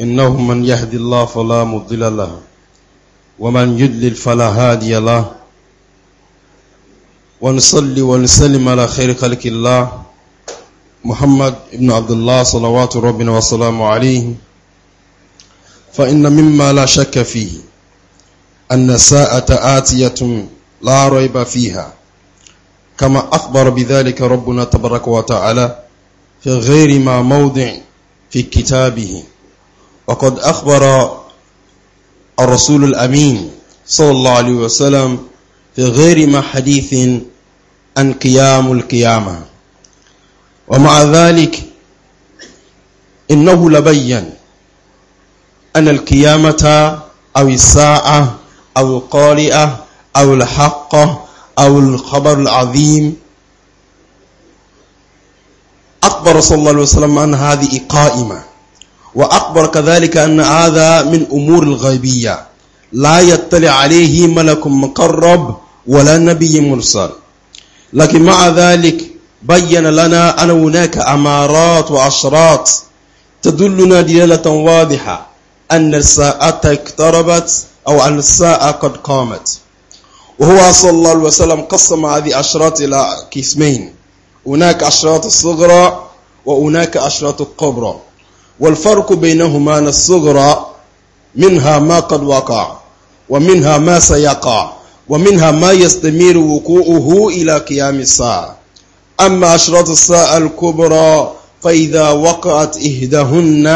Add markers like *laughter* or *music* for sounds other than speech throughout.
إنه من يهدي الله فلا مضل له ومن يدلل فلا هادي له ونصلي ونسلم على خير خلق الله محمد بن عبد الله صلوات ربنا وسلامه عليه فإن مما لا شك فيه أن ساءة آتية لا ريب فيها كما أخبر بذلك ربنا تبارك وتعالى في غير ما موضع في كتابه وقد أخبر الرسول الأمين صلى الله عليه وسلم في غير ما حديث أن قيام القيامة ومع ذلك إنه لبين أن القيامة أو الساعة أو القارئة أو الحق أو الخبر العظيم أخبر صلى الله عليه وسلم أن هذه قائمة وأخبر كذلك أن هذا من أمور الغيبية لا يطلع عليه ملك مقرب ولا نبي مرسل لكن مع ذلك بين لنا أن هناك أمارات وأشراط تدلنا دلالة واضحة أن الساعة اقتربت أو أن الساعة قد قامت وهو صلى الله عليه وسلم قسم هذه الأشراط إلى قسمين هناك أشراط الصغرى وهناك أشراط الكبرى والفرق بينهما الصغرى منها ما قد وقع ومنها ما سيقع ومنها ما يستمر وقوعه إلى قيام الساعة أما أشراط الساعة الكبرى فإذا وقعت إحداهن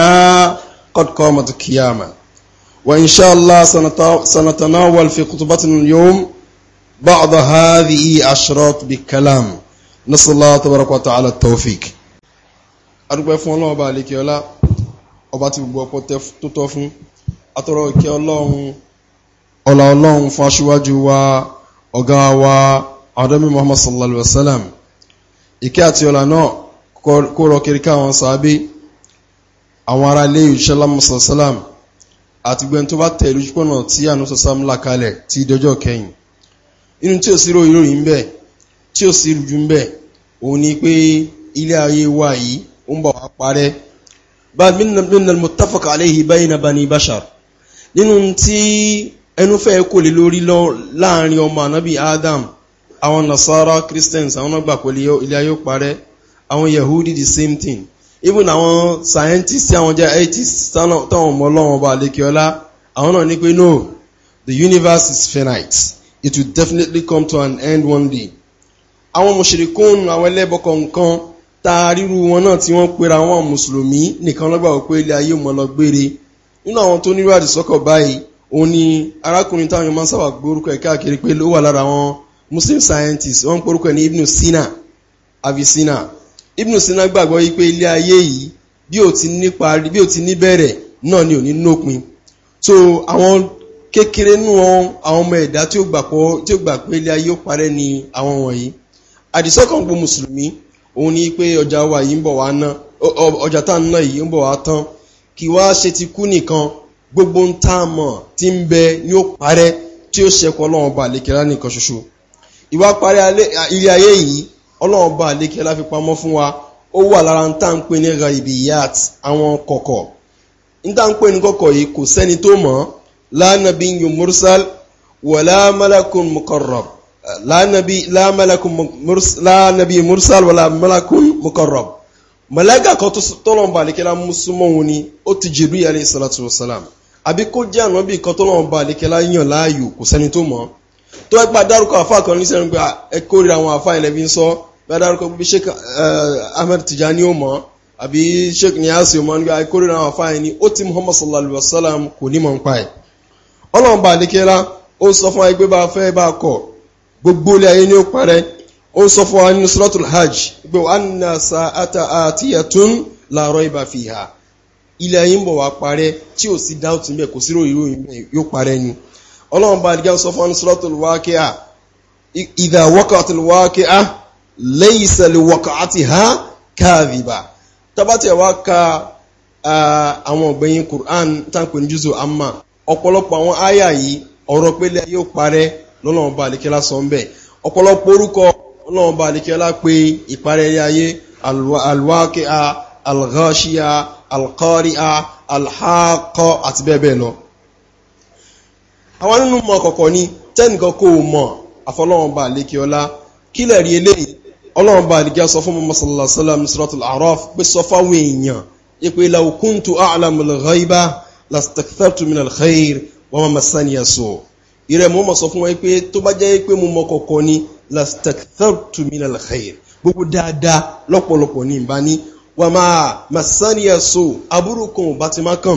قد قامت القيامة وإن شاء الله سنتناول في خطبتنا اليوم بعض هذه أشراط بكلام نسأل الله تبارك وتعالى التوفيق أرجو فون الله بالك يا ọba tí gbogbo ọpọ tó tọ́ fún atọ́rọ ìkẹ́ ọlọ́run ọlá ọlọ́run fún aṣíwájú wa ọ̀gá wa adọ́mí muhammad sallallahu alaihi wasallam ìkẹ́ àti ọlá náà kó rọ kiri káwọn sàábé àwọn ará ilé ìṣẹ́lá musallam àti gbẹ̀n tó bá tẹ̀ lójú pọ̀nà tí ànúsọ̀sám là kalẹ̀ tí dọjọ́ kẹyìn inú tí ò sí ròyìn bẹ́ẹ̀ tí ò sí rújú bẹ́ẹ̀ òun ni pé ilé ayé wa yìí ó ń bọ̀ wá parẹ́ min al-muttafaq alayhi bayna bani bashar nínú tí ẹnúfẹ́ kò lè lórí lọ láàrin ọmọ ànábì adam àwọn nasara christians àwọn ọgbà pẹ̀lú ilé ayé parẹ́ àwọn yahudi the same thing even àwọn scientists àwọn jẹ́ atheists táwọn ọmọ ọlọ́wọ́n bá lékeọlá àwọn náà ní pé no the universe is finite it will definitely come to an end one day àwọn mùsùlùkún àwọn ẹlẹ́bọ̀ kọ̀ọ̀kan taariru wọn náà tí wọ́n pera wọn mùsùlùmí nìkan lọ́gbà wọ́n pé ilé ayé mọ́ nínú àwọn tó nírú àdìsọ́kọ̀ báyìí òun ni arákùnrin táwọn máa ń sábà gbórúkọ ẹ̀ káàkiri pé ló wà lára wọn muslim scientist wọ́n ń porúkọ ní ibnu sina avicina ibnu sina gbàgbọ́ yí pé ilé ayé yìí bí ò ti ní parí bí ò ti ní bẹ̀rẹ̀ náà ni ò ní nópin so àwọn kékeré nù wọn àwọn ọmọ ẹ̀dá tí ó gbà pé ilé ayé ó parẹ́ ni àwọn wọ̀nyí àdìsọ́kàn gbogbo mùsùlùmí òun ni pé ọjà wa yìí ń bọ̀ wá ná ọjà tá ń ná yìí ń bọ̀ wá tán kì wá ṣe ti kú nìkan gbogbo ń tá a mọ̀ tí ń bẹ ní ó parẹ́ tí ó ṣẹkọ ọlọ́run ọba àlékẹ́lá nìkan ṣoṣo ìwà parí ilé ayé yìí ọlọ́run ọba àlékẹ́lá fi pamọ́ fún wa ó wà lára ń tá ń pè ní raibiyat àwọn kọ̀kọ̀ ń tá ń pè ní kọ̀kọ̀ yìí kò sẹ́ni tó mọ̀ lánàbí yun mursal wàlá la nabi la malakun murs la nabi mursal wala malakun mukarrab malaika kan tó tọ́lọ́n ba àlekẹ́lá mùsùlùmọ́ wọn ni ó ti jibril alayhi salatu wa salam àbí kó jẹ́ ànábì kan tọ́lọ́n ba àlekẹ́lá yàn láàyò kò sẹ́ni tó mọ̀ tó ẹgbà dárúkọ àfa kan ní sẹ́nu pé ẹ kórìíra àwọn àfa ìlẹ́bí ń sọ bá dárúkọ bí sheikh eh, ahmed tijani ó mọ̀ àbí sheikh niyasi ó mọ̀ nígbà ẹ kórìíra àwọn àfa yẹn ni ó ti muhammad sallallahu alayhi wa salam kò ní mọ̀ ń pa ẹ̀ ọlọ́run ba àlekẹ́lá sọ fún ẹgbẹ́ bá fẹ́ bá kọ̀ gbogbo ilé ayé ni ó parẹ́ ó sọ fún wa nínú suratul hajj pé wa anna sa'ata atiyatun la rayba fiha ilé ayé ń bọ̀ wá parẹ́ tí ò sí dáùtì mẹ́ kò sí ròyìn ròyìn mẹ́ yóò parẹ́ ni ọlọ́run bá dìgbà sọ fún wa nínú suratul waqi'a idha waqa'atil waqi'a laysa li waqa'atiha kadhiba tabatẹ̀ wá ka àwọn ọ̀gbẹ̀yìn Qur'an táǹkù ní àmà ọ̀pọ̀lọpọ̀ àwọn áyà yìí ọ̀rọ̀ pẹ́lẹ́ yóò parẹ́ lọ́lọ́run bá àlekẹ́lá sọ ń bẹ̀ ọ̀pọ̀lọpọ̀ orúkọ ọlọ́run bá àlekẹ́lá pé ìparẹ́ ayé alwákíá alghashia alqaria alhaqa àti bẹ́ẹ̀ bẹ́ẹ̀ lọ àwọn nínú mọ̀ kọ̀kọ̀ ni tẹ́nìkan kò mọ̀ àfọlọ́run bá àlekẹ́ọlá kílẹ̀ rí eléyìí ọlọ́run bá àlekẹ́ sọ fún mọ́ sallallahu alaihi wasallam suratul araf pé sọ fáwọn èèyàn ìrẹ́ mọ́ mọ̀ sọ fún wọn pé tó bá jẹ́ pé mo mọ kọ̀kọ̀ ni lastakthartu minal khair gbogbo dáadáa lọ́pọ̀lọpọ̀ ní ìbá ní wà máa masaniya so aburú kan bá ti máa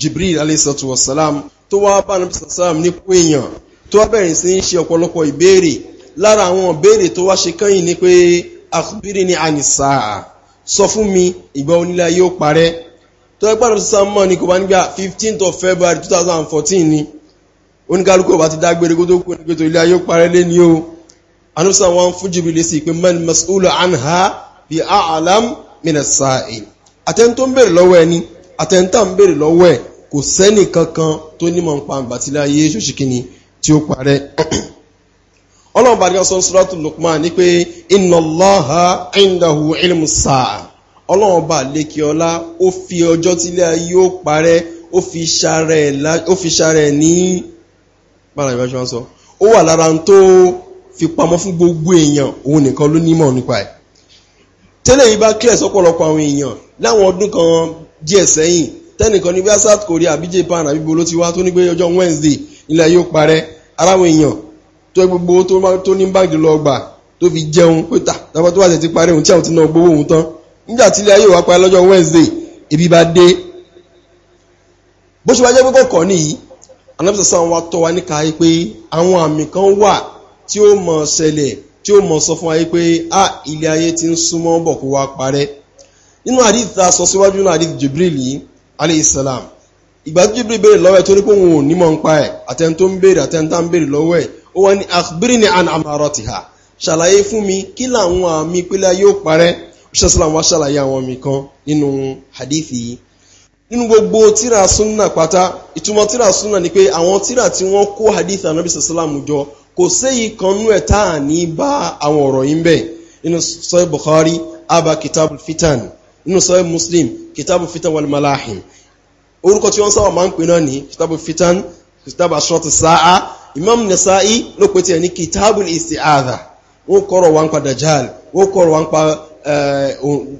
Jibril alayhisatu wasalam tó wá bá nàbí sàlám ní kó èèyàn tó wá bẹ̀rẹ̀ sí ṣe ọ̀pọ̀lọpọ̀ ìbéèrè ni pé akhbirni ani sa'a sọ fún mi ìgbà onílẹ̀ yóò parẹ́ tó ẹgbẹ́ àdọ́sí sàmọ́ ní kò bá nígbà 15th ah, of February 2014 ni oníkálukú ọba ti dágbére kó tó kú ní pẹ̀tọ̀ ilé ayé parẹ́ lé ní o anúsà wọn fún jìbìlì sí pé man mas'ulu anha bi a'lam minas sa'il àtẹ́ntó ń bèrè lọ́wọ́ ẹni àtẹ́ntà ń bèrè lọ́wọ́ ẹ̀ kò sẹ́nì kankan tó nímọ̀ ń pa ní pé inna Allaha indahu ilmus sa'a ọlọ́run bá lékè ọlá ó fi ọjọ́ tílé ayé ó parẹ́ ó fi ṣàrẹ̀ ní bára ìbáṣọ́ wọ́n sọ ó wà lára tó fi pamọ́ fún gbogbo èèyàn òun nìkan ló nímọ̀ nípa ẹ̀ tẹ́lẹ̀ yìí bá kílẹ̀ sọ́pọ̀lọpọ̀ àwọn èèyàn láwọn ọdún kan díẹ̀ sẹ́yìn tẹ́nìkan ní bí south korea àbí japan àbí bolo ti wá tó ní pé ọjọ́ wednesday ilẹ̀ yóò parẹ́ aráwọn èèyàn tó gbogbo tó ní báńkì lọ gbà tó fi jẹun pé tà tábà tó wà tẹ̀ ti parẹ́ òun tí àwọn ti náà gbowó òun tán nígbà tí ilé ayé wa pa lọ́jọ́ Wednesday ibi bá dé bó ṣe wá jẹ́ pé kọ̀ọ̀kọ̀ nìyí anábìsọ̀sọ́ àwọn atọ́ wa níka ayé pé àwọn àmì kan wà tí ó mọ̀ ṣẹlẹ̀ tí ó mọ̀ sọ fún ayé pé a ilé ayé ti ń súnmọ́ bọ̀ kó wa parẹ́ nínú hadith tá sọ síwájú nínú hadith Jibril yìí alayhi salam ìgbà tí Jibril béèrè lọ́wọ́ ẹ̀ tó ní pé òun ò nímọ̀ ń pa ẹ̀ àtẹni tó ń béèrè àtẹni ń béèrè lọ́wọ́ ẹ̀ ó wá ní akhbirni an amaratiha ṣàlàyé fún mi kí làwọn àmì ìpínlẹ̀ yóò parẹ́ ṣẹ́sílà wá ṣàlàyé àwọn mi kan nínú hadithi yìí nínú gbogbo tíra súnà pátá ìtumọ̀ tíra súnà ni pé àwọn tíra tí wọ́n kó hadith anabi ṣẹ́sílà mú jọ kò séyìí kan nú ẹ̀ ní bá àwọn ọ̀rọ̀ yìí bẹ́ẹ̀ nínú sọ́yìn bukhari abba kitabu fitan nínú sọ́yìn muslim kitabu fitan wal malahim orúkọ tí wọ́n sábà máa ń pè náà ní kitabul fitan kitabul ashrat sa'a imam nasa'i ló pe tiẹ̀ ní kitabul isti'adha wọ́n kọ̀rọ̀ wá ń pa dajjal wọ́n kọ̀rọ̀ wá ń pa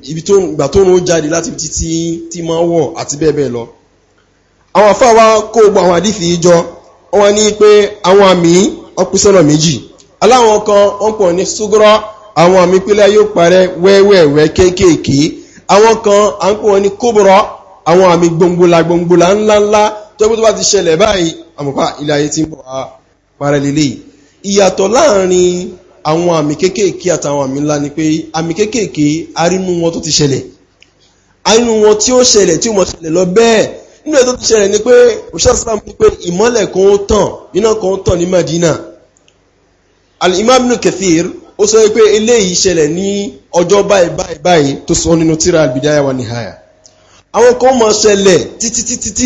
ibi tó gbà tó ń jáde láti ibi títí tí máa ń wọ̀ àti bẹ́ẹ̀ bẹ́ẹ̀ lọ àwọn afáwa kó gbogbo àwọn àdífì jọ wọ́n ní pé àwọn àmì ọpísọ́nà méjì aláwọn kan wọ́n pọ̀ ní ṣúgọ́rọ́ àwọn àmì pílẹ̀ yóò parẹ́ wẹ́wẹ́wẹ́ kéékèèké àwọn kan à ń pè wọ́n ní kóbọ̀rọ̀ àwọn àmì gbòǹgbòlà gbòǹgbòlà ńláńlá tó gbé tó bá ti ṣẹlẹ̀ báyìí àmọ́pá ilé ayé ti ń bọ̀ parẹ́ lélẹ̀ ìyàtọ̀ láàrin àwọn àmì kéékèèké àtàwọn àmì ńlá ni pé àmì kéékèèké arínú wọn tó ti ṣẹlẹ̀ arínú wọn tí ó ṣẹlẹ̀ tí ó mọ̀ ṣẹlẹ̀ lọ bẹ́ẹ̀ nínú ẹ̀ tó ti ṣẹlẹ̀ ni pé òṣèṣàlám ní pé ìmọ́lẹ̀ kan ó tàn iná kan ó tàn bidaya wa Nihaya àwọn kan mọ̀ ṣẹlẹ̀ títí títí tí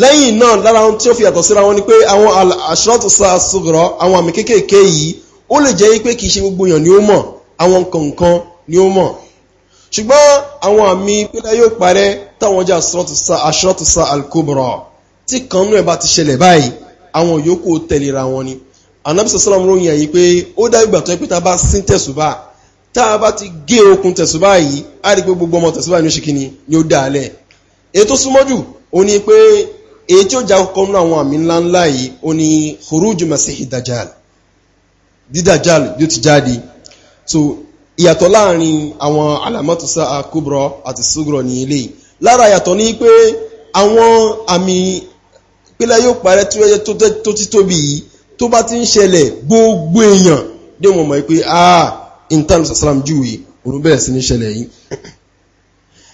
lẹ́yìn náà lára ohun tí ó fi yàtọ̀ síra wọn ni pé àwọn àṣírọ́tù sàṣùgọ̀rọ̀ àwọn àmì kéékèèké yìí ó lè jẹ́ pé kì ṣe gbogbo èèyàn ni ó mọ̀ àwọn kọ̀ọ̀kan ni ó mọ̀ ṣùgbọ́n àwọn àmì ìpínlẹ̀ yóò parẹ́ táwọn jẹ́ àṣírọ́tù sa alkobra tí kan nú ẹ̀ bá ti ṣẹlẹ̀ báyìí àwọn yòókù tẹ̀lera wọn ni anabi sọ̀sọ́lá mú ròyìn ẹ̀yìn pé ó dá ìgbà tó ẹ pé i pé gbogbo ọmọ ni ó ni ni ó dá a lẹ̀ èyí tí ó já ọkọ̀ nínú àwọn àmì ńláńlá yìí ó ní huruju masihi dajjal dídajjal yóò ti jáde so ìyàtọ̀ láàrin àwọn alamatusa akubro àti sugro ní ilé lára ìyàtọ̀ ní pé àwọn àmì pílẹ̀ yóò parẹ́ tó ti tóbi yìí tó bá ti ń ṣẹlẹ̀ gbogbo èèyàn dé wọn mọ̀ pé ah in terms of salam jù yìí òun bẹ̀rẹ̀ sí ní ṣẹlẹ̀ yìí *clears throat*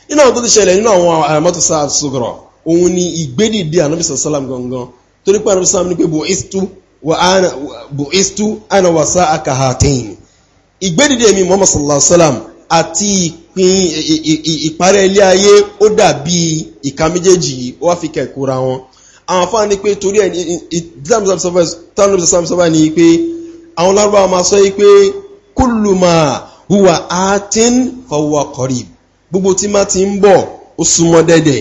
nínú àwọn tó ti ṣẹlẹ̀ nínú àwọn alamatusa sugro òun ni ìgbédìde ànábì sàlám gangan torí pé ànábì sàlám ní pé bu'istu ana wa sa'aka hatain ìgbédìde mi muhammad sallallahu alaihi wasallam àti ìpín ìparẹ́ ilé ayé ó dàbí ìka méjèèjì yìí ó wá fi kẹ̀kúra wọn àwọn afáà ní pé torí ẹ̀ islam tánàbì sàlám àwọn lárúbáwá máa sọ pé kullu ma huwa atin fahuwa qarib gbogbo tí má ti ń bọ̀ ó súnmọ́ dẹ́dẹ̀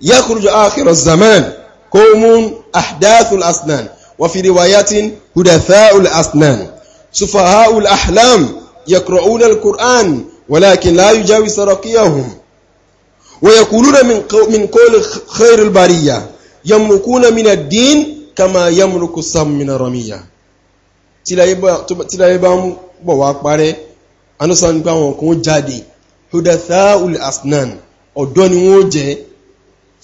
yakhruju akhir zaman qawmun ahdathul asnan wa fi riwayatin hudathaul asnan sufahaul ahlam yaqra'una alquran walakin la yujawi sarqiyahum wa yaquluna min min qawli khairil bariyah yamrukuna min ad-din kama yamruku sam min ramiya tilaye bá ń bọ̀ wá parẹ́ anúsàn gbáwọn kan jáde hudathaul asnan ọ̀dọ́ ni wọ́n jẹ́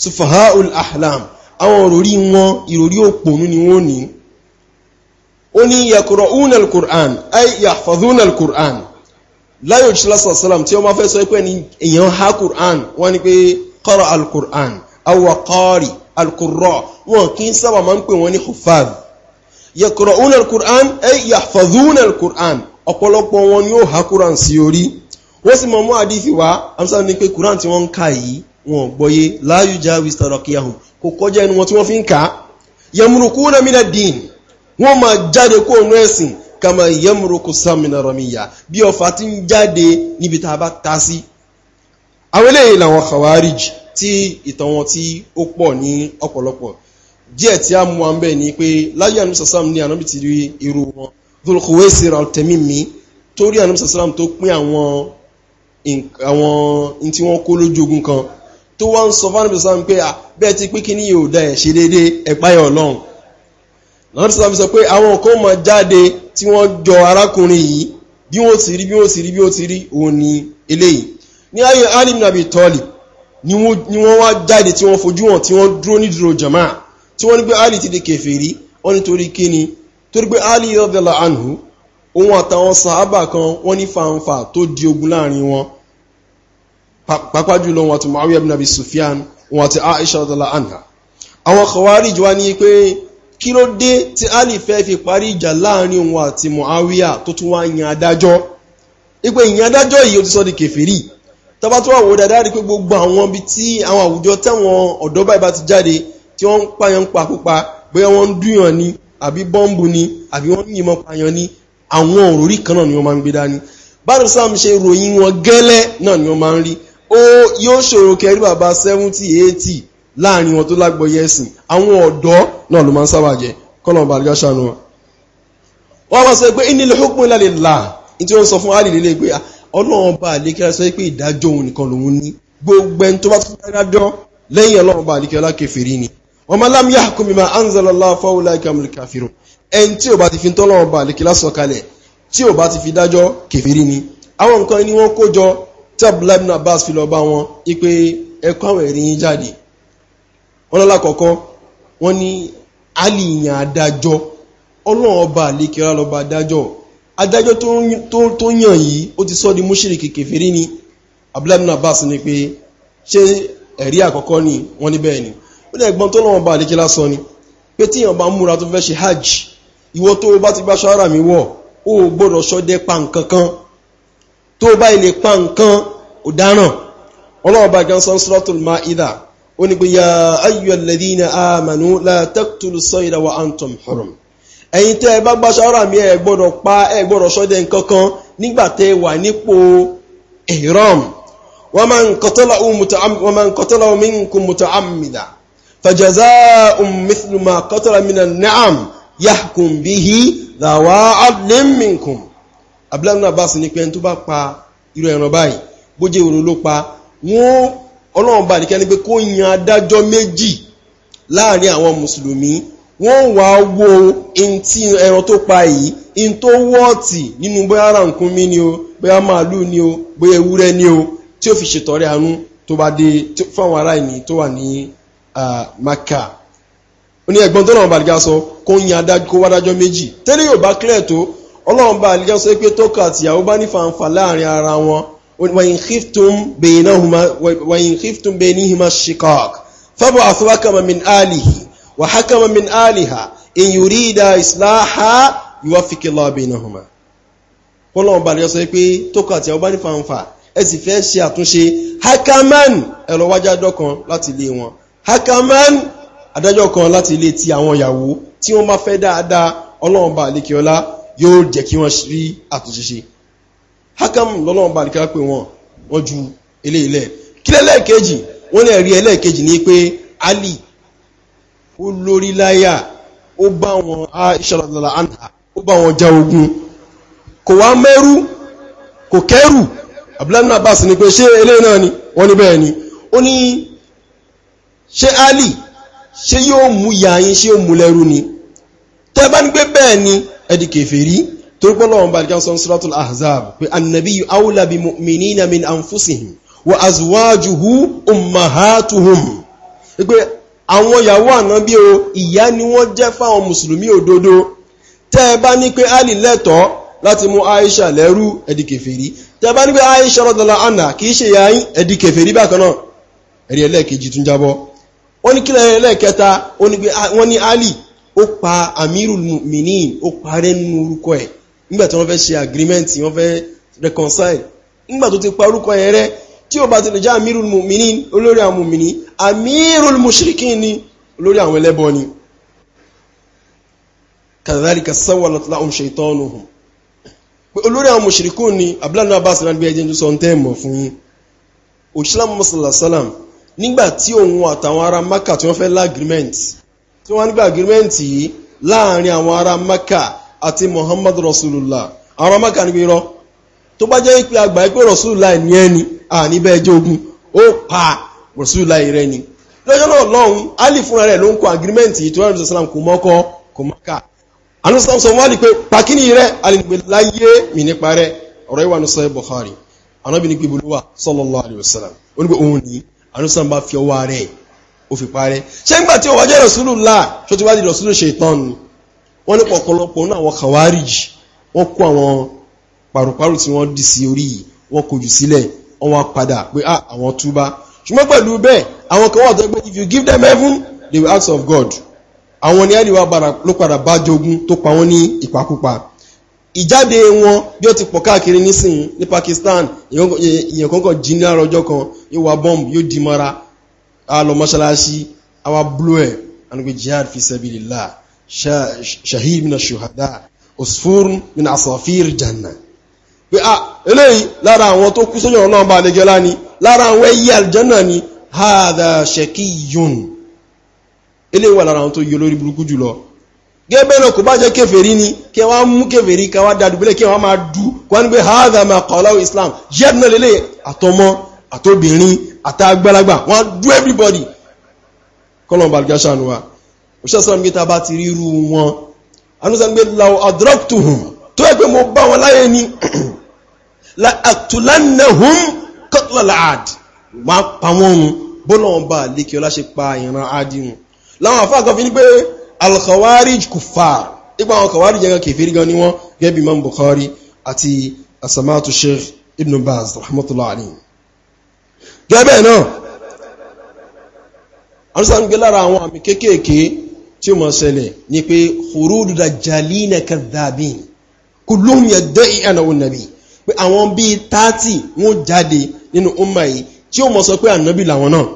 sufahaul ahlam àwọn òròrí wọn ìròrí òpònú ni wọ́n ní ó ní yaqra'una al-Qur'an ay yahfazuna al-Qur'an láyò ìṣẹ́lá sàlám tí ó máa fẹ́ sọ pé ní èèyàn ha Qur'an wọ́n ní pé qara al-Qur'an awwa qari al-qurra wọn kì í sábà máa ń pè wọ́n ní hufaz yaqra'una al ay yahfazuna al-Qur'an ọ̀pọ̀lọpọ̀ ni ó ha Qur'an sí orí wọ́n sì mọ̀ mú àdífì wá ní pé Qur'an tí wọ́n ń ka yìí wọn gbọ́yé láyú jáwí sọ̀rọ̀kíyàhùn kò kọjá ẹnu wọn tí wọ́n fi ń ká yẹmùrùkú náà mí náà dín wọ́n máa jáde kó òun ẹ̀sìn kàmá yẹmùrùkú sàmìnà rọmìyà bí ọfà ti ń jáde níbi tá a bá ta sí. àwọn eléyìí làwọn khawarij tí ìtàn wọn tí ó pọ̀ ní ọ̀pọ̀lọpọ̀ díẹ̀ tí a mú wa ń ni pé láyé ànúṣe sàm ní ànábì ti rí irú wọn dulkuwesi raltemimi torí ànúṣe sàm tó pín àwọn àwọn tí kó lójú kan tó wọ́n ń sọ fún àníbìsọ́ pé à bẹ́ẹ̀ ti pín kíní yóò dá ẹ̀ ṣe dédé ẹ̀páyà ọlọ́run lọ́dún sọ sọ pé àwọn kan mọ̀ jáde tí wọ́n jọ arákùnrin yìí bí wọ́n ti rí bí wọ́n ti rí bí wọ́n ti rí òun ni eléyìí ní ayé alim nàbí tọ́lì ni wọ́n wá jáde tí wọ́n fojú wọn tí wọ́n dúró ní dúró jama tí wọ́n ní pé ali ti di kẹfẹ́rí wọ́n anhu òun àtàwọn sàábà kan wọ́n ní fanfa tó di pàápàá jùlọ wọn àti Muawiya bin Abi Sufyan wọn àti Aisha radala anha àwọn Khawarij wá ní pé kí ló dé tí Ali fẹ́ fi parí ìjà láàrin òun àti Muawiya tó tún wá yan adájọ́ ipò ìyan adájọ́ yìí ó ti sọ di kèfèrí tọba tó wà wò dáadáa rí pé gbogbo àwọn ibi tí àwọn àwùjọ tẹ́wọn ọ̀dọ́ báyìí bá ti jáde tí wọ́n ń pààyàn pàkópa bóyá wọ́n ń ó yóò ṣòro kẹrí bàbá seventy eighty láàrin wọn tó lágbọ́yé ẹ̀sìn àwọn ọ̀dọ́ náà ló máa ń sábà jẹ kọ́lọ̀mù bàdìgá ṣàánú wọn. wọ́n máa sọ pé innal hukmu illa lillah ní tí wọ́n sọ fún alì lélẹ̀ pé ah, ọlọ́run bá àlékẹ́lá sọ pé ìdájọ́ òun nìkan lòun ní gbogbo ẹni tó bá tún bá dájọ́ lẹ́yìn ọlọ́run bá àlékẹ́lá kèfèrí ni. wa man lam yahkum bima anzala Allah fa ulaika humul kafirun ẹni tí ò bá ti fi tọ́lọ́run bá àlékẹ́lá sọ kalẹ̀ tí ò bá ti fi dájọ́ kèfèrí ni. àwọn nǹkan ni wọ́n kó jọ tí abdullahi ibn abbas fi lọ bá wọn ipe ẹkọ́ àwọn ẹ̀rí yín jáde wọn lọ́la kọ̀ọ̀kọ́ wọn ní alìyàn adájọ́ ọlọ́run ọba àlékèrà lọ́ba adájọ́ adájọ́ tó yàn yìí ó ti sọ́ di múṣírìkì kèfèrí ni abdullahi ibn abbas ní pé ṣé ẹ̀rí àkọ́kọ́ ni wọ́n ní bẹ́ẹ̀ ni ó dẹ̀ gbọ́n tó lọ́wọ́ bá àlékèrà sọ ni pé tíyàn bá múra tó fẹ́ ṣe hajj ìwọ tó bá ti tó bá ilé pa nǹkan ọ̀daràn ọlọ́run bá gan sọ́n suratul Ma'idah ó ní pé ya ayyuhal ladhina amanu la taqtulu sayda wa antum hurum ẹ̀yin tẹ́ ẹ bá gbá ṣọ́ra mi ẹ gbọ́dọ̀ pa ẹ gbọ́dọ̀ ṣọdẹ nǹkankan nígbà tẹ́ wà nípò ihram waman qatalahu minkum muta'ammida fajaza'un mithlu ma qatala minan na'am yahkum bihi dhawa abdullahi ibn abbas ní pé tó bá pa irú ẹran báyìí bó jẹ́ ìrò ló pa wọ́n ọlọ́run bá nìkan ní pé kó yan adájọ́ méjì láàrin àwọn mùsùlùmí wọ́n wá wo ntí ẹran tó pa yìí in tó wọ́ọ̀tì nínú bóyá ara nǹkan mi ni o bóyá màálù ni o bóyá ewúrẹ́ ni o tí ó fi ṣètọrẹ àánú tó bá dé fún àwọn ará ìní tó wà ní maka ó ní ẹ̀gbọ́n tó náà bá nìkan sọ kó yan adájọ́ méjì tẹ́lẹ̀ yóò bá clear tó ọlọ́run bá àlejò sọ pé tókà àtìyàwó bá ní fàǹfà láàrin ara wọn wàyìn kíftún bẹ ní hima shikok fábọ̀ àfúwákàmà min alihi wà hákàmà min aliha in yùrí ìdá ìsìláhà yíwá fìkìlá bẹ ní huma ọlọ́run bá àlejò sọ pé tókà àtìyàwó bá ní fàǹfà ẹ sì fẹ́ ṣe àtúnṣe hakaman ẹ̀rọ wájá ọlọ́run bá àlekè yóò jẹ́ kí wọ́n rí àtúnṣe ṣe hakam lọ́lọ́wọ́n bá nìkan pé wọ́n wọ́n ju eléyìí lẹ̀ kí lẹ́lẹ́ẹ̀kejì wọ́n lè rí ẹlẹ́ẹ̀kejì ní pé ali ó lórí láyà ó bá wọn Aisha lọ́la anha ó bá wọn já ogun kò wá mẹ́rú kò kẹ́rù abdullahi abbas ni pé ṣé eléyìí náà ni wọ́n ní ali ṣé yóò mú yàáyín ṣé yóò mú bẹ́ẹ̀ ni ẹdí kèfèrí torípọ́lọ́ wọn bá dìkan sọ suratul ahzab pé annabi aula bi mu'minina min anfusihim wa azwajuhu ummahatuhum pé àwọn ìyàwó ànábí o ìyá ni wọ́n jẹ́ fáwọn mùsùlùmí òdodo tẹ́ ẹ bá ní pé alì lẹ́tọ̀ọ́ láti mú aisha lẹ́rú ẹdí kèfèrí tẹ́ ẹ bá ní pé aisha radala anha kìí ṣe yáyín ẹdí kèfèrí bákan náà ẹlẹ́ẹ̀kejì tún jábọ́ wọ́n ní kílẹ̀ ẹlẹ́ẹ̀kẹta wọ́n ní ali ó pa amirul mu'minin ó parẹ́ nínú orúkọ ẹ̀ nígbà tí wọ́n fẹ́ ṣe agreement wọ́n fẹ́ reconcile nígbà tó ti pa orúkọ ẹ̀ rẹ́ tí ó bá ti lè jẹ́ amirul mu'minin olórí àwọn mu'minin amirul mushrikin ni olórí àwọn ẹlẹ́bọ ni kàdálíkà sawwalat lahum shaytanuhum olórí àwọn mushrikun ni abúláàlú abbas náà gbé ẹjẹ́ sọ tẹ́ mọ̀ fún yín òṣìṣẹ́ mọ́sálàsálàm nígbà tí òun àtàwọn ará maka tí wọ́n fẹ́ lágrímẹ́ǹtì tí wọ́n nígbà agreement yìí láàrin àwọn ará maka àti muhammadu rasulullah àwọn ará maka níbi irọ́ tó bá jẹ́ ìpè àgbà ẹgbẹ́ rasulullah ní ẹni àní bẹ́ẹ̀ ogun ó pa rasulullah rẹ ni lọ́jọ́ náà lọ́hùn ali fúnra rẹ̀ ló ń kọ agreement yìí tí wọ́n rẹ̀ sọ́sọ́lá kò mọ́kọ́ kò mọ́ka àwọn sọ́sọ́lá sọ wọ́n lè pe pàkínì rẹ̀ alìgbè láyé mi nípa rẹ̀ ọ̀rọ̀ ìwà ní sọ́yẹ́ bukhari anábìnrin gbígbó ló wà sallallahu alaihi wasallam ó ní pé òun ó fi parẹ́ ṣé nígbà tí ó wá jẹ́ Rasulullah ṣó ti wá di Rasulu Ṣaitan ni wọ́n ní pọ̀pọ̀lọpọ̀ náà àwọn kàwárìjì wọ́n kó àwọn pàrùpàrù tí wọ́n dì sí orí wọ́n kojú sílẹ̀ wọ́n wá padà pé ah, àwọn túbá if you give them heaven they will ask of God àwọn ní àríwá ló padà bá jogun tó pa wọ́n ní ìpakúpa ìjáde wọn bí Pakistan ìyẹn kọ́kọ́ jí ní àrọ́jọ́ kan a lọ mọ́ṣáláṣí àwa blu ẹ̀ anugbe jihad fi sabilillah shahid mina shuhada usfur mina asafir janna pé a ah, eléyìí lára àwọn tó kú sójú ọ̀nà ọba àlejọ́lá ni lára àwọn ẹyẹ àlìjánà ni hadha shakiyun eléyìí wà lára àwọn tó yọ lórí burúkú jùlọ gẹ́gẹ́ náà kò bá jẹ́ kèfèrí ni kí wọ́n mú kèfèrí ká wá dàdùbílẹ̀ kí wọ́n máa dú wọ́n ní pé haza ma kọ̀ọ̀láwò islam yẹ́dùnà lélẹ̀ àtọmọ àtobìnrin àtàgbàlagbà wọ́n do everybody kọ́lọ̀n balùgá ṣàánú wa òṣìṣẹ́ sọ́rọ̀ nígbà bá ti rí irú wọn anúṣẹ́ nígbà láwọ adrọ́pùtùhùn tó yẹ pé mo bá wọn láyé ni la àtúlánàhùn kọ́tùlọ́láàd wọ́n pa wọ́n run bọ́lọ̀ wọn bá lékè ọlá ṣe pa ìran adìrun láwọn àfáà kan fi ní pé alkhawarij kufar nípa àwọn khawarij jẹ́ kèfèrí gan ni wọ́n gẹ́bí imam bukhari àti asamatu sheikh ibn baz rahmatullahi gẹ́bẹ̀ náà arúsàmgbé lára àwọn àmì kéékèèké tí ó mọ̀ ṣẹlẹ̀ ni pé hurudu dajjalina kadhabin kullum yadda'i annahu nabi pé àwọn bíi 30 wọ́n jáde nínú umma yìí tí ó mọ̀ sọ pé ànábì làwọn náà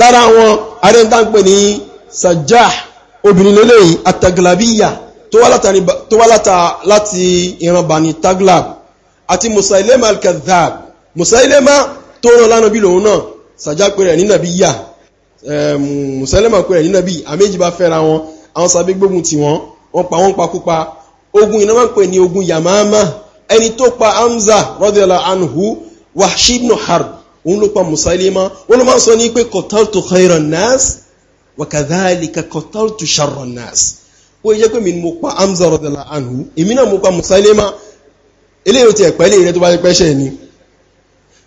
lára àwọn arẹ́ntàǹpẹ̀ ní sajah obìnrin lélẹ́yìn ataglabiya tó wá láti ìran Bani Taglab àti Musailema al-Kadhab Musailema tó rán lánàbí lòun náà sàjá pé rẹ̀ nínàbí yà mùsẹ́lẹ̀mà pé rẹ̀ nínàbí àméjì bá fẹ́ra wọn àwọn sàbí gbógun ti wọn wọn pa wọn pakúpa ogun iná máa ń pè ní ogun yamama ẹni tó pa hamza rọ́dẹ̀lá anhu wahshi ibn harb òun ló pa musailima wọn ló máa ń sọ ní pé kọtàltù khairan nas wakadhalika kọtàltù sharran nas ó yẹ pé mi mo pa hamza rọ́dẹ̀lá anhu èmi náà mo pa musailima eléyìí ti ẹ̀pẹ́ lè rẹ tó bá ti pẹ́ṣẹ̀ ni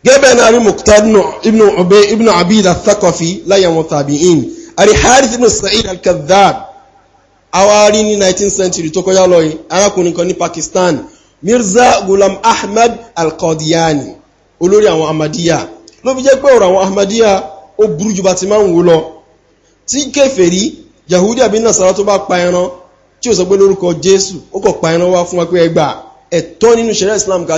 gẹ́bẹ̀ náà rí muktadnu ibn ubay ibn abid al-thaqafi láyé wọn tabi'in àrí harith ibn sa'id al-kadhdhab awari ní 19th century tó kọjá lọ yìí arákùnrin kan ní pakistan mirza gulam ahmed al-qadiyani olórí àwọn ahmadiyya ló fi jẹ́ pé ọ̀rọ̀ àwọn ahmadiyya ó burú jù bá ti máa ń wò lọ tí kèfèrí yahudi àbí nasara tó bá pa ẹran tí ó sọ pé lórúkọ jésù ó kọ̀ pa ẹran wá fún wa pé ẹgbà ẹ̀tọ́ nínú ṣẹ̀rẹ̀ islam ká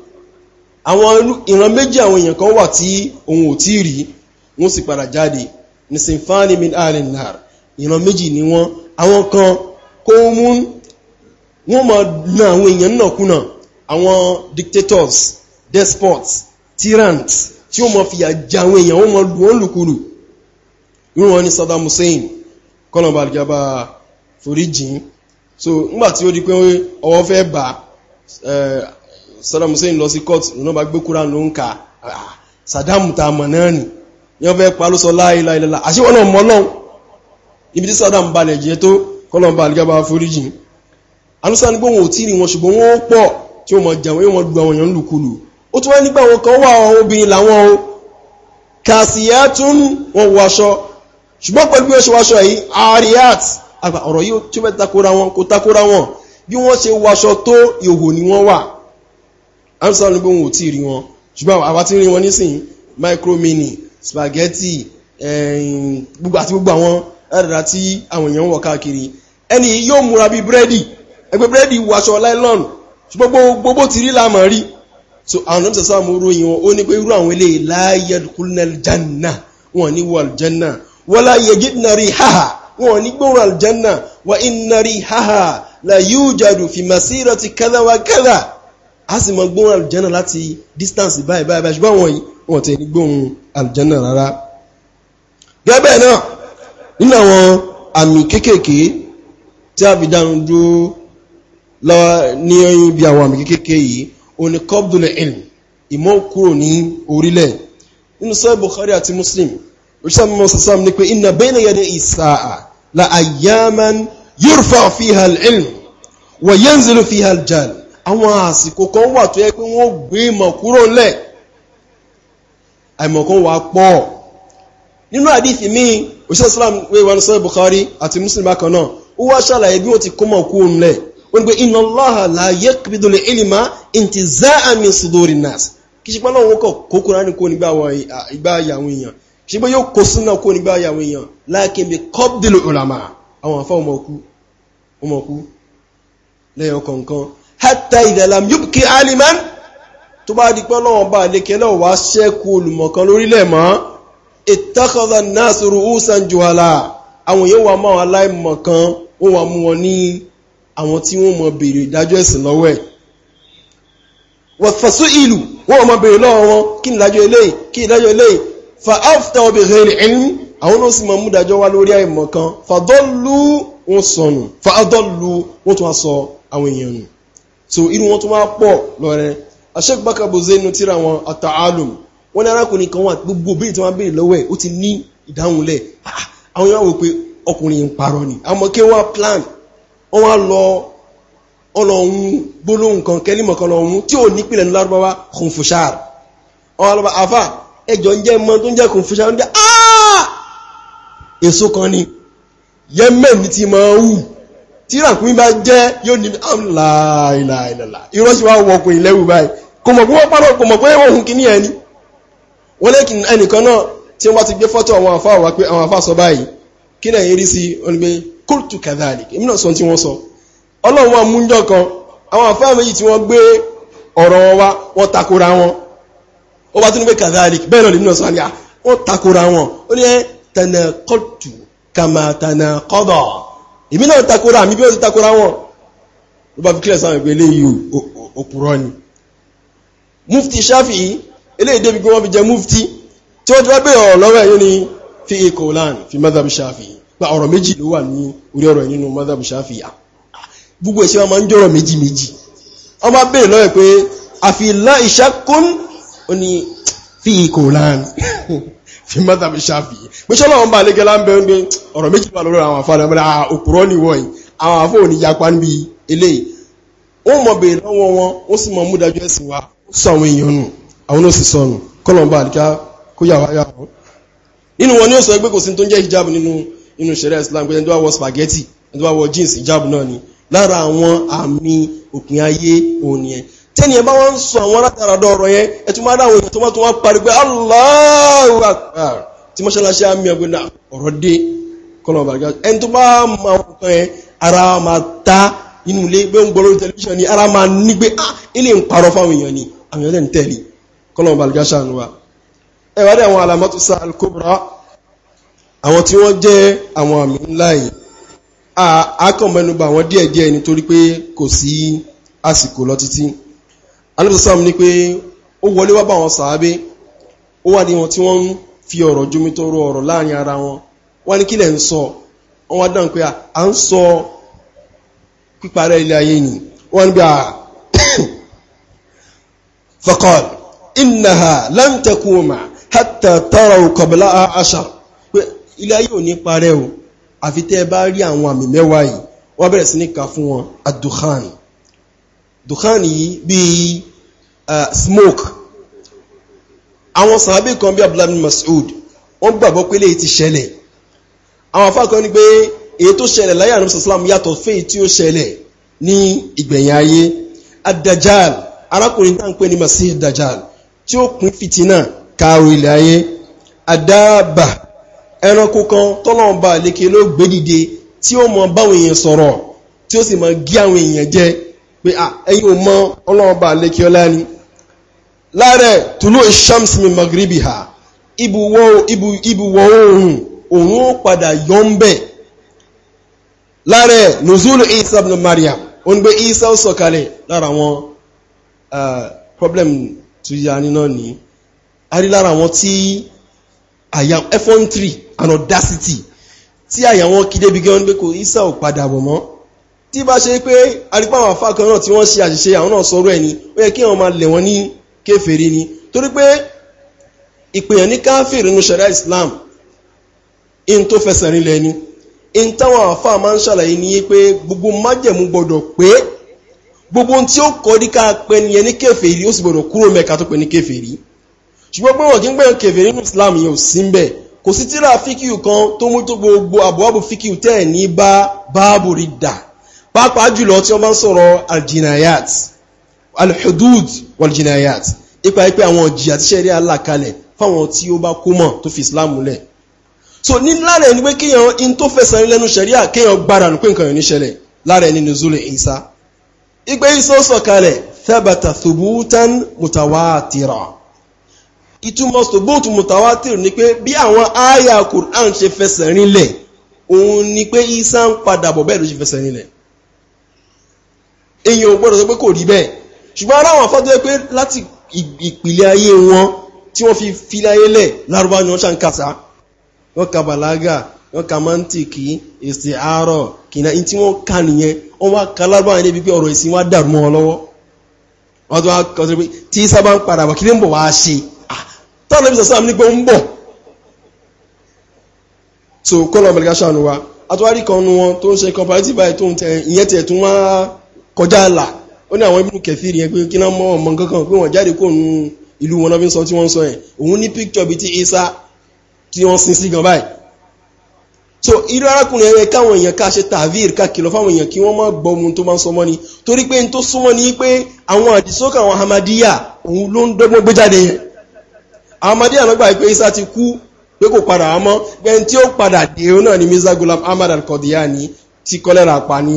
àwọn ìran méjì àwọn èèyàn kan wà tí òun ò tí rí wọ́n sì padà jáde ní sinfani min alinar ìran méjì ni wọ́n àwọn kan kó mú wọ́n ma na àwọn èèyàn náà kúnà àwọn dictators despots tyrants tí ó ma fìyà jẹ àwọn èèyàn wọ́n ma lù wọ́n lùkulù irú ni Saddam Hussein kọ́nàbà àlùjábà foríjìn so nígbà tí ó di pé ọwọ́ fẹ́ bà eh, Saddam Hussein lọ sí court lọ́nà bá gbé kúrán ló ń kà ah, Saddam ta mọ̀ náà nì yọ́n fẹ́ pa ló sọ láìláì lọ́la àṣíwọ́n náà mọ́ náà ibi tí Saddam balẹ̀ jẹ́ tó kọ́lọ̀n bá àlìgábá foríjì anúsá ní gbóhùn òtí ni wọn ṣùgbọ́n wọ́n pọ̀ tí wọ́n mọ̀ jàwọn yóò mọ̀ lu àwọn èèyàn lùkulù ó tún wá nígbà wọn kan wà obìnrin làwọn o kàṣíyà tún wọn wọ aṣọ ṣùgbọ́n pẹ̀lú bí wọ́n ṣe wọ aṣọ yìí ariat amsterdam gbóhùn ò tí rí wọn ṣùgbọ́n àwa ti rí wọn nísìnyí micromini spaghetti gbogbo àti gbogbo àwọn ẹ̀rọ̀dà tí àwọn èèyàn ń wọ̀ káàkiri ẹni yóò múra bí búrẹ́dì ẹgbẹ́ búrẹ́dì wọ aṣọ láìlọ́nù ṣùgbọ́n gbogbo ti rí láàmà rí so àwọn ọmọ sọ́sọ́ àmú ròyìn wọn ó ní pé irú àwọn eléyìí láàyè kúlẹ̀ jẹ́nà wọn ní wọ àlùjẹ́nà wọ́n láàyè gídìnà háhà wọn ní gbóhùn àlùjẹ́nà wọ́n ìnà rí háhà láyé ìjàdù fìmàsírọ̀ ti kẹ́lẹ́wà kẹ́lẹ́ a sì mọ gbóhùn àlùjánà láti distance báyìí báyìí báyìí ṣùgbọ́n wọ̀nyí wọ́n ti ní gbóhùn àlùjánà rárá gẹ́bẹ̀ náà nínú àwọn àmì kéékèèké tí a fi dánu dúró lọ́wọ́ ní ẹ̀yìn bí àwọn àmì kéékèèké yìí òní qabdul ilm ìmọ̀ kúrò ní orílẹ̀ nínú sọ́ọ̀ Bukhari àti Muslim òṣìṣẹ́ mímọ́ àwọn àsìkò kan wà tó yẹ pé wọ́n gbé ìmọ̀ kúrò lẹ̀ àìmọ̀ kan wà pọ̀ nínú àdífì míì òṣìṣẹ́ islam wé wọn sọ Bukhari àti Muslim bákan náà ó wá ṣàlàyé bí wọ́n ti kó mọ̀ kúrò lẹ̀ wọ́n gbé inna Allaha la yaqbidu al-ilma intiza'an min suduri nas kí ṣe pé lọ́wọ́ kọ̀ kókóra ní hátà ìdàlám yóò kí alimán tó bá di pé Ọlọ́run bá lékẹ́ lọ́wọ́ wá ṣẹ́kù olùmọ̀kan lórílẹ̀ mọ́ ìtàkọ́dà náà sọ̀rọ̀ ọ̀sán jùhálà àwọn yóò wá máa aláìmọ̀kan ó wà mú wọn ní àwọn tí wọ́n mọ̀ béèrè ìdájọ́ ẹ̀sìn lọ́wọ́ ẹ̀ wọ̀fọ̀sú ìlú wọ́n mọ̀ béèrè lọ́wọ́ wọn kí ni ìdájọ́ eléyìí kí ni ìdájọ́ eléyìí fa afta obìnrin ẹni àwọn náà sì mọ̀ mú ìdájọ́ wá lórí àìmọ̀kan fàdọ́lù wọn sọnù fàdọ́lù wọn tún wá sọ àwọn èèyàn nù so irú wọn tó wá pọ̀ lọ́rẹ́ aṣẹ́gbàkà bòzé inú tíra wọn àtàálùm wọ́n ní arákùnrin kan wà gbogbo bí ìtàn abẹ́rẹ̀ lọ́wọ́ ẹ̀ ó ti ní ìdáhùnlẹ̀ ah, ah, àwọn yóò wò pé ọkùnrin ń parọ́ ni àmọ́ kí wọ́n plan wọ́n wá lọ ọ̀nà ọ̀hún gbólóhùn kan kẹ́límọ̀ kan lọ́hún tí ò ní pìlẹ̀ lárúbáwá kùnfùṣàr ọ̀hún alọ́ba àfà ẹjọ́ ń jẹ́ mọ́ tó ń jẹ́ kùnfùṣàr ń jẹ́ àà èso kan ni yẹ́mẹ̀ ní ti máa wù tí ràkúnmí bá jẹ́ yóò ní láìláìlá ìrọ́sí wá wọkùn ìlẹ́wù báyìí kò mọ̀ pé wọ́n pàrọ̀ kò mọ̀ pé wọ́n kì ní ẹni wọ́n lẹ́kì ẹnìkan náà tí wọ́n ti gbé fọ́tọ̀ àwọn àfá wà pé àwọn àfá sọ báyìí kí náà yìí rí sí olùgbé kóòtù kàdáàlì èmi náà sọ tí wọ́n sọ ọlọ́run wọn múnjọ́ kan àwọn àfá méjì ọ̀rọ̀ wọn wọ́n takora wọn ó wá tún gbé kàdáàlì bẹ́ẹ̀ náà lèmi náà sọ ah, wọ́n takora wọn ó ní tẹnà kóòtù kàmà tẹnà kọ́dọ̀ èmi náà takora mi bí ó ti takora wọn ló bá fi kílẹ̀ sáwọn ìpè eléyìí òpùrọ̀ ni mufti shafi, yìí eléyìí débi gbọ́n fi jẹ mufti tí wọ́n ti wá gbé ọ̀rọ̀ lọ́rọ̀ yìí ni fi ikọ̀ lan fi madhab shafi gba ọ̀rọ̀ méjì ló wà ní orí ọ̀rọ̀ nínú madhab ṣáfì yà ah, gbogbo ìṣe wọn ń jọ̀rọ̀ méjì méjì wọ́n bá béèrè *laughs* fi mọ́tàbí ṣáfì pé ṣọ́lọ́wọ́n bá lẹ́gẹ́lá ń bẹ ń gbé ọ̀rọ̀ méjì wà lórí àwọn àfáàdà mọ́lá ah, òpùrọ́ níwọ̀n yìí àwọn àfọ́ òní yapa níbi eléyìí ó mọ̀ bèèrè lọ́wọ́ wọn ó sì mọ̀ múdájú ẹ̀sìn wa ó sọ àwọn èèyàn nù àwọn ó sì sọnù kọ́lọ̀ bá àdíká kó yà wáyà wọn. nínú wọn ni ó sọ pé kò sí tó ń jẹ́ hijab nínú nínú ṣẹ̀rẹ̀ Islam pé ẹni wá wọ spaghetti ẹni tó wá wọ jeans hijab náà ni lára àwọn àmì òpin ayé òun nìyẹn tẹ́ni ẹ bá wọ́n ń sọ àwọn alátàràdọ̀ ọ̀rọ̀ yẹn ẹ tún máa dáwọ̀ èèyàn tó máa tún wá parí pé Allahu Akbar tí mọ́ṣáláṣí àmì ẹgbẹ́ náà ọ̀rọ̀ dé kọ́nà ọ̀bàgá ẹni tó bá máa wọ́n kan yẹn ara máa ta inú ilé gbé ń gbọ́ lórí tẹlifíṣàn ni ara máa ní gbé ah ilé ń parọ́ fáwọn èèyàn ni àwọn èèyàn ń tẹ̀lé kọ́nà ọ̀bàgá ṣàánú wa ẹ wá dé àwọn alamọ́tò sa al-kubra àwọn tí wọ́n jẹ́ àwọn àmì ńlá yìí akọ̀mẹ́nubà wọn díẹ̀ díẹ̀ nítorí pé kò sí àsìkò lọ títí alẹ́bùsọ́m ní pé ó wọlé wá bá wọn sàábé ó wà ní wọn tí wọ́n ń fi ọ̀rọ̀ jomitoro ọ̀rọ̀ láàrin ara wọn wọ́n ní kílẹ̀ ń sọ wọ́n wá dáhùn pé à ń sọ píparẹ́ ilé ayé ni wọ́n ní bí a *coughs* faqal innaha lan takuma hatta taraw pé ilé ayé ò ní parẹ́ o àfi tẹ́ bá rí àwọn àmì mẹ́wàá yìí wọ́n bẹ̀rẹ̀ sí ní kà fún wọn ad-dukhan yìí bíi Eh, smoke àwọn sàábì kan bí abdullahi masoud wọ́n gbàgbọ́ pé léyìí ti ṣẹlẹ̀ àwọn afá kan ní pé èyí tó ṣẹlẹ̀ láyé àrùn sàsálàmù yàtọ̀ fèyí tí ó ṣẹlẹ̀ ní ìgbẹ̀yìn ayé adajal arákùnrin tá ń pè ní masih dajal tí ó pín fìtínà kaaro ilẹ̀ ayé adáàbà ẹranko kan tọ́lọ́mọba àlékè ló gbé dìde tí ó mọ báwọn èèyàn sọ̀rọ̀ tí ó sì mọ gí àwọn èèyàn jẹ pé ẹ̀yin ò mọ ọlọ́mọba àlékè ọlá ni lára tùlù ìṣàmùsì mi magribi ha ibùwọ̀ oòrùn òun ó padà yọ ń bẹ̀ lára nùzúlù isa ibn mariam ó ń gbé isa ó sọ̀kalẹ̀ lára wọn problem tó yá níná ní a rí lára wọn tí àyà effrontery and audacity tí àyà wọn kí débi gẹ́wọ́n pé kò isa ò padà bọ̀ mọ́ tí bá ṣe pé arípa àwọn àfáà kan náà tí wọ́n ṣe àṣìṣe àwọn náà sọ̀rọ̀ ẹ̀ ni ó yẹ kí àwọn máa lẹ̀ wọ́n ní kéfèrí ni torí pé ìpèyàn ní káfíìrì nínú ṣẹ̀dá islam in tó fẹsẹ̀ rinlẹ̀ ni in táwọn àfáà máa ń ṣàlàyé ní pé gbogbo májẹ̀mú gbọ́dọ̀ pé gbogbo tí ó kọ́ ní ká pẹ́ ní ẹni kéfèrí ó sì gbọ́dọ̀ kúrò mẹ́ka tó pẹ́ ní kéfèrí ṣùgbọ́n pé wọ́n kí ń gbẹ̀yàn kéfèrí alhudud waljinayat ipa ipe àwọn ìjìyà tí sẹ́rí alákalẹ̀ fáwọn tí ó bá kó mọ̀ tó fi islam lẹ̀ so ní lára ẹni pé kéèyàn in tó fẹsẹ̀ lẹ́nu sẹ̀ríà kéèyàn gbára nù pé nǹkan yóò ní ṣẹlẹ̀ lára ẹni nuzul Isa ipe Isa sọ̀kalẹ̀ thabata thubutan mutawatira ìtumọ̀ thubut mutawatir ni pé bí àwọn aya Qur'an ṣe fẹsẹ̀ rinlẹ̀ òun ni pé Isa ń padà bọ̀ bẹ́ẹ̀ ló ṣe fẹsẹ̀ rinlẹ̀ èèyàn ò gbọ́dọ̀ sọ pé kò rí bẹ́ẹ̀ ṣùgbọ́n aláwọn kan tó yẹ pé láti ìpìlẹ̀ ayé wọn tí wọ́n fi filẹ̀ ayé lẹ̀ lárúbá ni wọ́n ṣàn kàṣà wọ́n ka bàlágà wọ́n ka mọ́ntìkì èsì àárọ̀ kìnà in tí wọ́n ka nìyẹn wọ́n wá ka lárúbá yẹn débi pé ọ̀rọ̀ ìsìn wá dàrú mọ́ wọn lọ́wọ́ tí sábà ń padà bọ̀ kí ló ń bọ̀ wá ṣe táwọn ẹbí sàṣà ní pé ń bọ̀ so kọ́lọ̀ ọ̀bẹ̀lẹ̀gá àtúwárí kan nu wọn tó ń ṣe comparative by tó ń tẹ ìyẹn tẹ̀ tún wá kọjá là ó ní àwọn ibùdó kẹfìrì yẹn pé kí náà mọ ọmọ kankan pé wọ́n jáde kó nu ìlú wọn lọ́bí sọ tí wọ́n ń sọ yẹn òun ní píkítọ̀ bíi ti isa tí wọ́n sin sí gan báyìí so irú arákùnrin ẹ̀rẹ́ káwọn èèyàn ká ṣe tàvír kákìlọ̀ fáwọn èèyàn kí wọ́n má gbọ́mu tó máa ń sọmọ́ ni torí pé n tó súnmọ́ ni pé àwọn àdìsókè àwọn ahmadiyya òun ló ń dọ́gbọ́n gbé jáde yẹn ahmadiyya náà gbà pé isa ti kú pé kò padà wá mọ́ gbẹ̀yìn tí ó padà dé òun náà ni mirza gulam ahmad al-qadiani ti kọ́lẹ́ra pa ní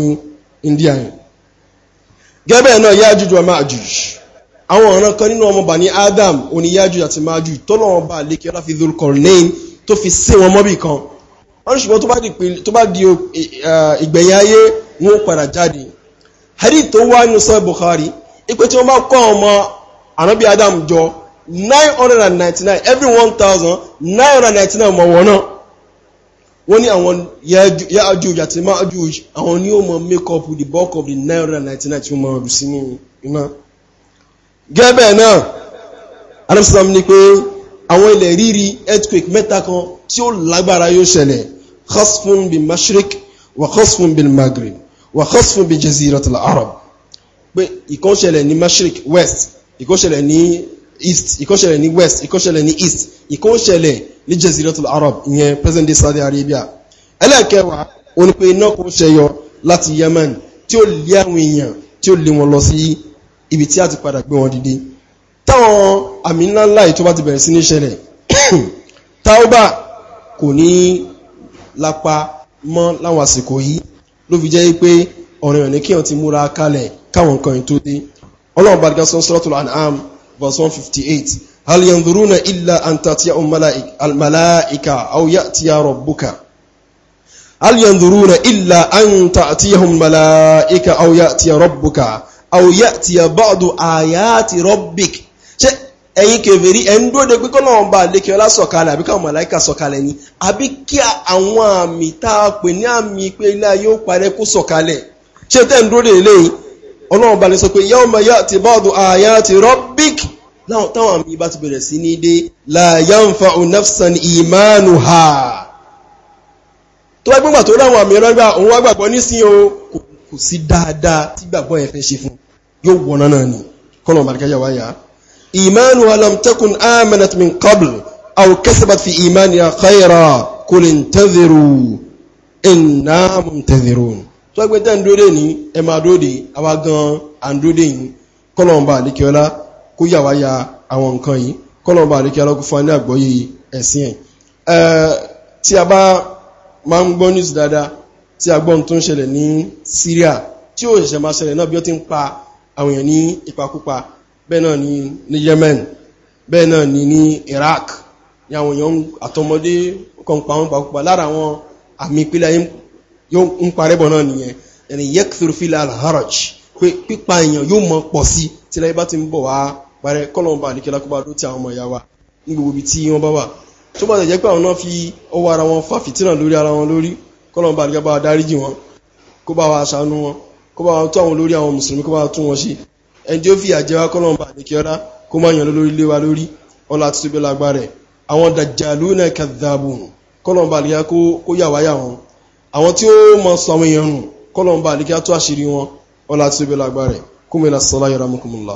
india yẹn gẹ́bẹ̀ náà yájújú àmà àjújú àwọn ọ̀ràn kan nínú ọmọ bà ní adam òní yájújú àti májú tọ́lọ́wọ́n bá lékè ọlá fi Dhul-Qarnayn tó fi sí wọn mọ́bì kan wọ́n ṣùgbọ́n tó bá di ìgbẹ̀yìn ayé wọn ó padà jáde hadith tó wá nínú sọ́ọ̀ Bukhari ipe tí wọ́n bá kọ́ ọmọ ànábì adam jọ 999 every 1999 ọmọ wọn náà wọ́n ní àwọn Yájùj àti Májùj àwọn ni ó mọ make up the bulk of the naira 99 tí ó mọ rù sí ní iná gẹ́bẹ̀ náà alẹ́sìlámi ni pé àwọn ilẹ̀ rírí earthquake mẹ́ta kan tí ó lágbára yóò ṣẹlẹ̀ khasfun bin mashrik wa khasfun bin maghrib wa khasfun bin jaziratul arab pé ìkan ṣẹlẹ̀ ní mashrik west ìkan ṣẹlẹ̀ ní east ìkan ṣẹlẹ̀ ní west ìkan ṣẹlẹ̀ ní east ìkan ṣẹlẹ̀ ní jaziratul arab ìyẹn present day saudi arabia ẹlẹ́ẹ̀kẹwàá òun pé iná kò ṣẹyọ láti yemen tí ó lé àwọn èèyàn tí ó lé wọn lọ sí ibi tí a ti padà gbé wọn dìde táwọn àmì ńláńlá yìí tó bá ti bẹ̀rẹ̀ sí ní ṣẹlẹ̀ *coughs* taoba kò ní lápá mọ́ láwọn àsìkò yìí ló fi jẹ́ pé ọ̀rìn ọ̀nì kí wọ́n ti múra kalẹ̀ káwọn nǹkan yìí dé ọlọ́run bá dìgbà sọ́sọ́rọ́tò anam verse one fifty eight هل ينظرون إلا أن تأتي الملائكة أو يأتي ربك هل ينظرون إلا أن تأتيهم الملائكة أو يأتي ربك أو يأتي بعض آيات ربك ṣé ẹ̀yin kèfèrí ẹ̀ ń dúró de pé kọ́lọ́run bá lékè ọlá sọ̀kalẹ̀ àbí káwọn màláìka sọ̀kalẹ̀ ni àbí kí àwọn àmì tá a pè ní àmì pé ilé ayé ó parẹ́ kó sọ̀kalẹ̀ ṣé tẹ́ ń de eléyìí ọlọ́run bá sọ pé yawma ya'ti ba'du ayati rabbik táwọn àmì bá ti bẹ̀rẹ̀ sí ní dé la yanfa'u nafsan imanuha tó wá gbọ́gbà tó ráwọn àmì ọlọ́gbà òun wá gbàgbọ́ nísìn o kò sí dáadáa tí gbàgbọ́ yẹn fẹ́ ṣe fún yóò wọ̀nà náà ni kọ́nà màríkáyà wáyà imanuha lam takun amanat min qabl aw kasabat fi imaniha khayra qul intadhiru kó yà wá ya àwọn nǹkan yìí kọ́lọ̀ọ̀bà àríkẹ́ alákún fún ní àgbọ́yé ẹ̀sìn ẹ̀ tí a bá máa ń gbọ́ news dáadáa tí a gbọ́n tó ń ṣẹlẹ̀ ní Syria tí ó ṣẹ̀ṣẹ̀ máa ṣẹlẹ̀ náà bí ó ti ń pa àwọn ní ìpakúpa bẹ́ẹ̀ náà ni ní Yemen bẹ́ẹ̀ náà ni ní Iraq ni àwọn èèyàn àtọmọdé kan pa àwọn ìpakúpa lára àwọn àmì ìpínlẹ̀ yóò ń parẹ́bọ̀ náà nìyẹn ẹni yẹ́kìtìrìfìlà alharaj pé pípa èèyàn yóò mọ pọ̀ sí tí láyé bá ti ń bọ̀ wá parẹ kọlọmba àníkẹlá kó bá dó ti àwọn ọmọ ìyá wa ní gbogbo ibi tí wọn bá wà tó bá tẹ̀jẹ́ pé àwọn náà fi ọwọ́ ara wọn fa fìtínà lórí ara wọn lórí kọlọmba àníkẹlá bá dáríjì wọn kó bá wa ṣàánú wọn kó bá wa tó àwọn olórí àwọn mùsùlùmí kó bá wa tún wọn ṣe ẹni tí ó fi àjẹ wa kọlọmba àníkẹlá kó má yàn lórí lé wa lórí ọlá àti tóbi lágbára ẹ àwọn dàjàlúnà kàdàbùn kọlọmba àníkẹlá kó yà wáyà wọn àwọn tí ó mọ sọ àwọn èèyàn nù kọlọmba àníkẹlá tó àṣírí wọn ọlá àti tóbi lágbára ẹ kúmìnà